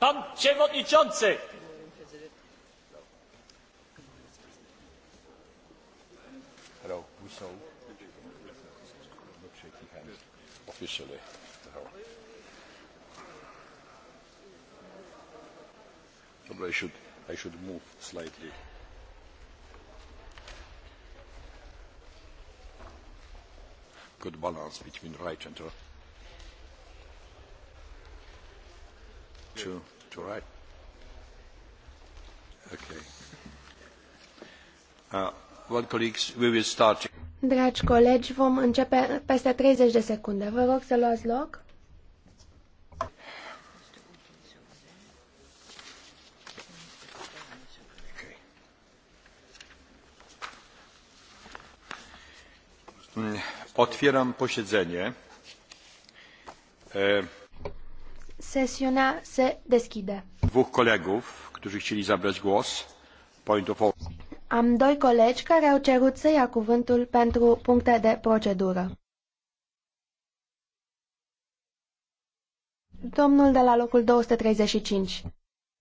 Pan Przewodniczący! Hello, we saw not officially. Probably I should, I should move slightly. Good balance between right and left. to, to write. Okay. Uh, well, colleagues, we will start. Dragi colegi, vom începe peste 30 de secunde. Vă rog să luați loc. Otwieram posiedzenie. E Sesiunea se deschide. Dwóch kolegów, którzy chcieli zabrać głos. Point of Am doi colegi care au cerut să ia cuvântul pentru puncte de procedură. Domnul de la locul 235.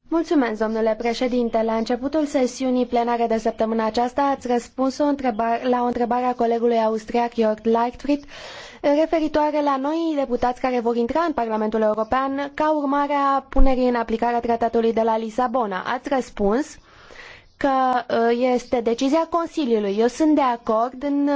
Mulțumesc, domnule președinte. La începutul sesiunii plenare de săptămâna aceasta ați răspuns o la o întrebare a colegului austriac Jörg Leichtfried referitoare la noi deputați care vor intra în Parlamentul European ca urmare a punerii în aplicare a tratatului de la Lisabona. Ați răspuns că uh, este decizia Consiliului. Eu sunt de acord în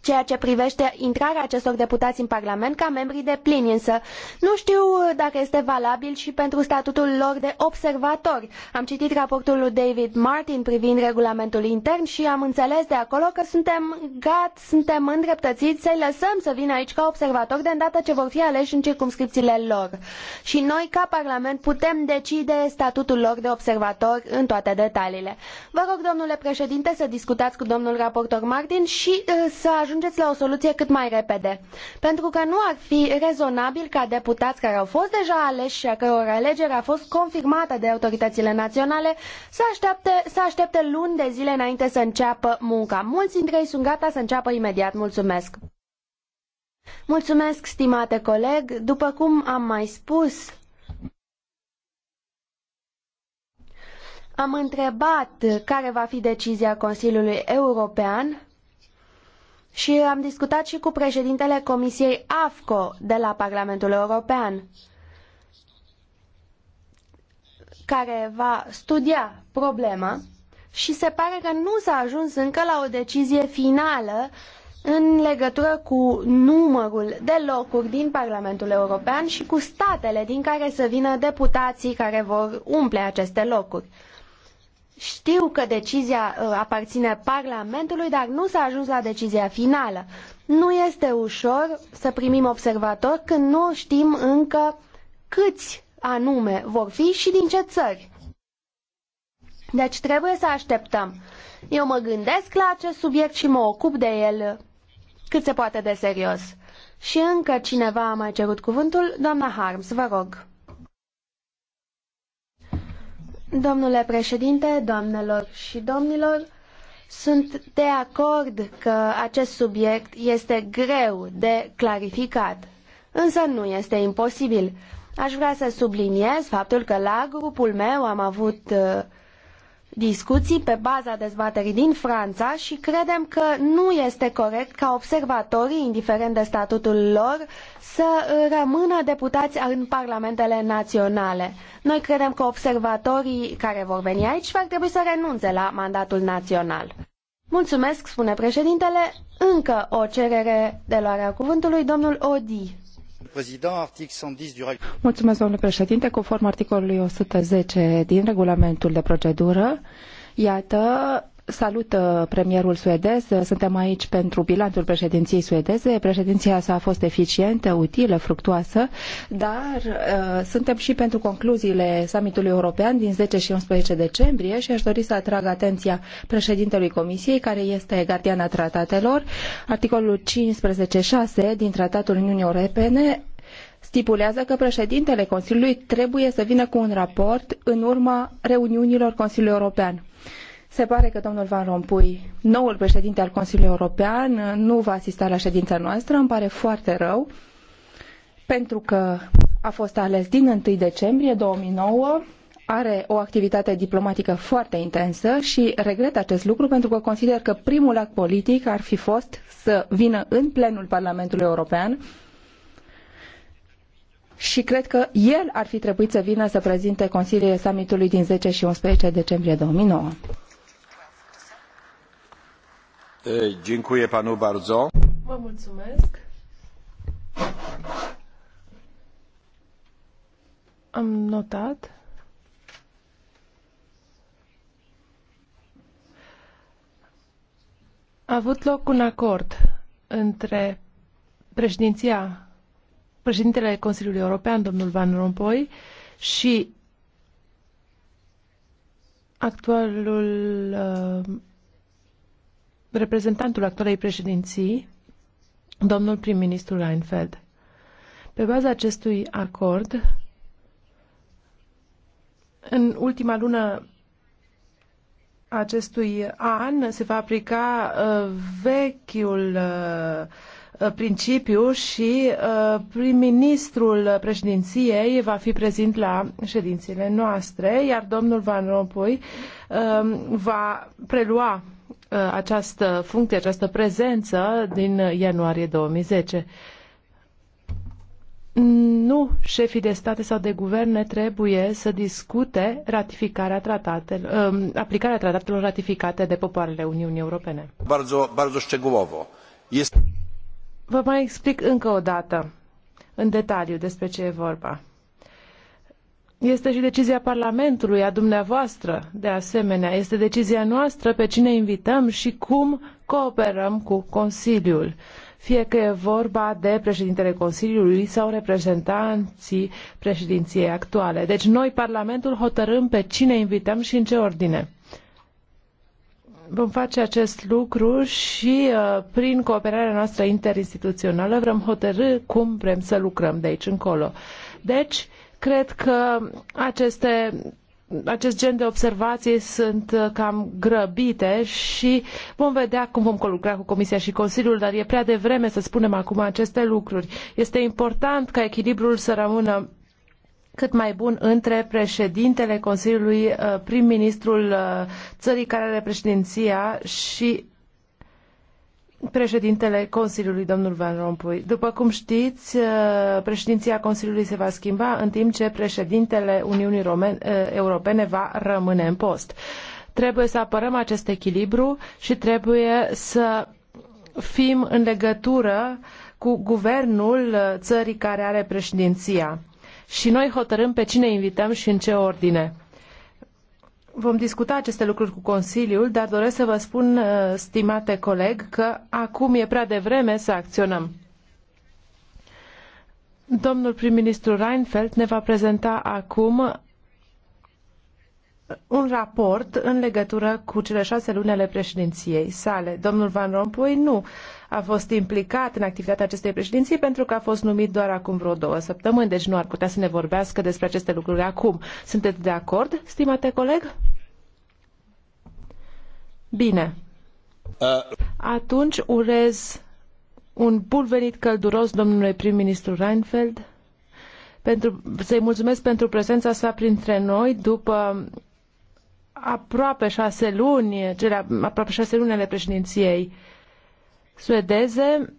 ceea ce privește intrarea acestor deputați în Parlament ca membri de plin, însă nu știu dacă este valabil și pentru statutul lor de observatori. Am citit raportul lui David Martin privind regulamentul intern și am înțeles de acolo că suntem gat, suntem îndreptățiți să-i lăsăm să vină aici ca observatori de îndată ce vor fi aleși în circumscripțiile lor. Și noi, ca Parlament, putem decide statutul lor de observator în toate detaliile. Vă rog, domnule președinte, să discutați cu domnul raportor Martin și uh, să ajungeți la o soluție cât mai repede. Pentru că nu ar fi rezonabil ca deputați care au fost deja aleși și a căror alegere a fost confirmată de autoritățile naționale să aștepte, să aștepte luni de zile înainte să înceapă munca. Mulți dintre ei sunt gata să înceapă imediat. Mulțumesc! Mulțumesc, stimate coleg. După cum am mai spus, am întrebat care va fi decizia Consiliului European și am discutat și cu președintele Comisiei AFCO de la Parlamentul European, care va studia problema și se pare că nu s-a ajuns încă la o decizie finală în legătură cu numărul de locuri din Parlamentul European și cu statele din care să vină deputații care vor umple aceste locuri. Știu că decizia uh, aparține Parlamentului, dar nu s-a ajuns la decizia finală. Nu este ușor să primim observatori când nu știm încă câți anume vor fi și din ce țări. Deci trebuie să așteptăm. Eu mă gândesc la acest subiect și mă ocup de el cât se poate de serios. Și încă cineva a mai cerut cuvântul, doamna Harms, vă rog. Domnule președinte, doamnelor și domnilor, sunt de acord că acest subiect este greu de clarificat, însă nu este imposibil. Aș vrea să subliniez faptul că la grupul meu am avut uh, discuții pe baza dezbaterii din Franța și credem că nu este corect ca observatorii, indiferent de statutul lor, să rămână deputați în parlamentele naționale. Noi credem că observatorii care vor veni aici ar trebui să renunțe la mandatul național. Mulțumesc, spune președintele. Încă o cerere de luare a cuvântului, domnul Odi conform domnule o Conform zece 110 din regulamentul de procedură, iată, Salut premierul suedez. Suntem aici pentru bilanțul președinției suedeze. Președinția sa a fost eficientă, utilă, fructuoasă, dar uh, suntem și pentru concluziile summitului european din 10 și 11 decembrie și aș dori să atrag atenția președintelui Comisiei, care este gardiana tratatelor. Articolul 15.6 din Tratatul Uniunii Europene stipulează că președintele Consiliului trebuie să vină cu un raport în urma reuniunilor Consiliului European. Se pare că domnul Van Rompuy, noul președinte al Consiliului European, nu va asista la ședința noastră. Îmi pare foarte rău, pentru că a fost ales din 1 decembrie 2009 are o activitate diplomatică foarte intensă și regret acest lucru pentru că consider că primul act politic ar fi fost să vină în plenul Parlamentului European și cred că el ar fi trebuit să vină să prezinte Consiliul Summitului din 10 și 11 decembrie 2009. Eh, dziękuję panu bardzo. Vă mulțumesc. Am notat. A avut loc un acord între președinția președintele Consiliului European, domnul Van Rompuy, și actualul uh, reprezentantul actualei președinții, domnul prim-ministru Reinfeld. Pe baza acestui acord, în ultima lună acestui an se va aplica uh, vechiul uh, Uh, principiu și uh, prim-ministrul președinției va fi prezent la ședințele noastre, iar domnul Van Rompuy um, va prelua uh, această funcție, această prezență din ianuarie 2010. Nu șefii de state sau de guverne trebuie să discute ratificarea tratatelor, um, aplicarea tratatelor ratificate de popoarele Uniunii Europene. Bardzo, bardzo szczegółowo. Este... Vă mai explic încă o dată, în detaliu, despre ce e vorba. Este și decizia Parlamentului, a dumneavoastră, de asemenea. Este decizia noastră pe cine invităm și cum cooperăm cu Consiliul. Fie că e vorba de președintele Consiliului sau reprezentanții președinției actuale. Deci noi, Parlamentul, hotărâm pe cine invităm și în ce ordine. Vom face acest lucru și uh, prin cooperarea noastră interinstituțională vrem hotărâ cum vrem să lucrăm de aici încolo. Deci, cred că aceste acest gen de observații sunt uh, cam grăbite și vom vedea cum vom colucra cu Comisia și Consiliul, dar e prea devreme să spunem acum aceste lucruri. Este important ca echilibrul să rămână cât mai bun între președintele Consiliului, uh, prim-ministrul uh, țării care are președinția și președintele Consiliului, domnul Van Rompuy. După cum știți, uh, președinția Consiliului se va schimba în timp ce președintele Uniunii Europene va rămâne în post. Trebuie să apărăm acest echilibru și trebuie să fim în legătură cu guvernul țării care are președinția și noi hotărâm pe cine invităm și în ce ordine. Vom discuta aceste lucruri cu Consiliul, dar doresc să vă spun, uh, stimate coleg, că acum e prea devreme să acționăm. Domnul prim-ministru Reinfeldt ne va prezenta acum un raport în legătură cu cele șase luni ale președinției sale. Domnul Van Rompuy nu a fost implicat în activitatea acestei președinții pentru că a fost numit doar acum vreo două săptămâni, deci nu ar putea să ne vorbească despre aceste lucruri acum. Sunteți de acord, stimate coleg? Bine. Atunci urez un bun venit călduros domnului prim-ministru Reinfeldt pentru, să-i mulțumesc pentru prezența sa printre noi după aproape șase luni, cele aproape șase luni ale președinției suedeze,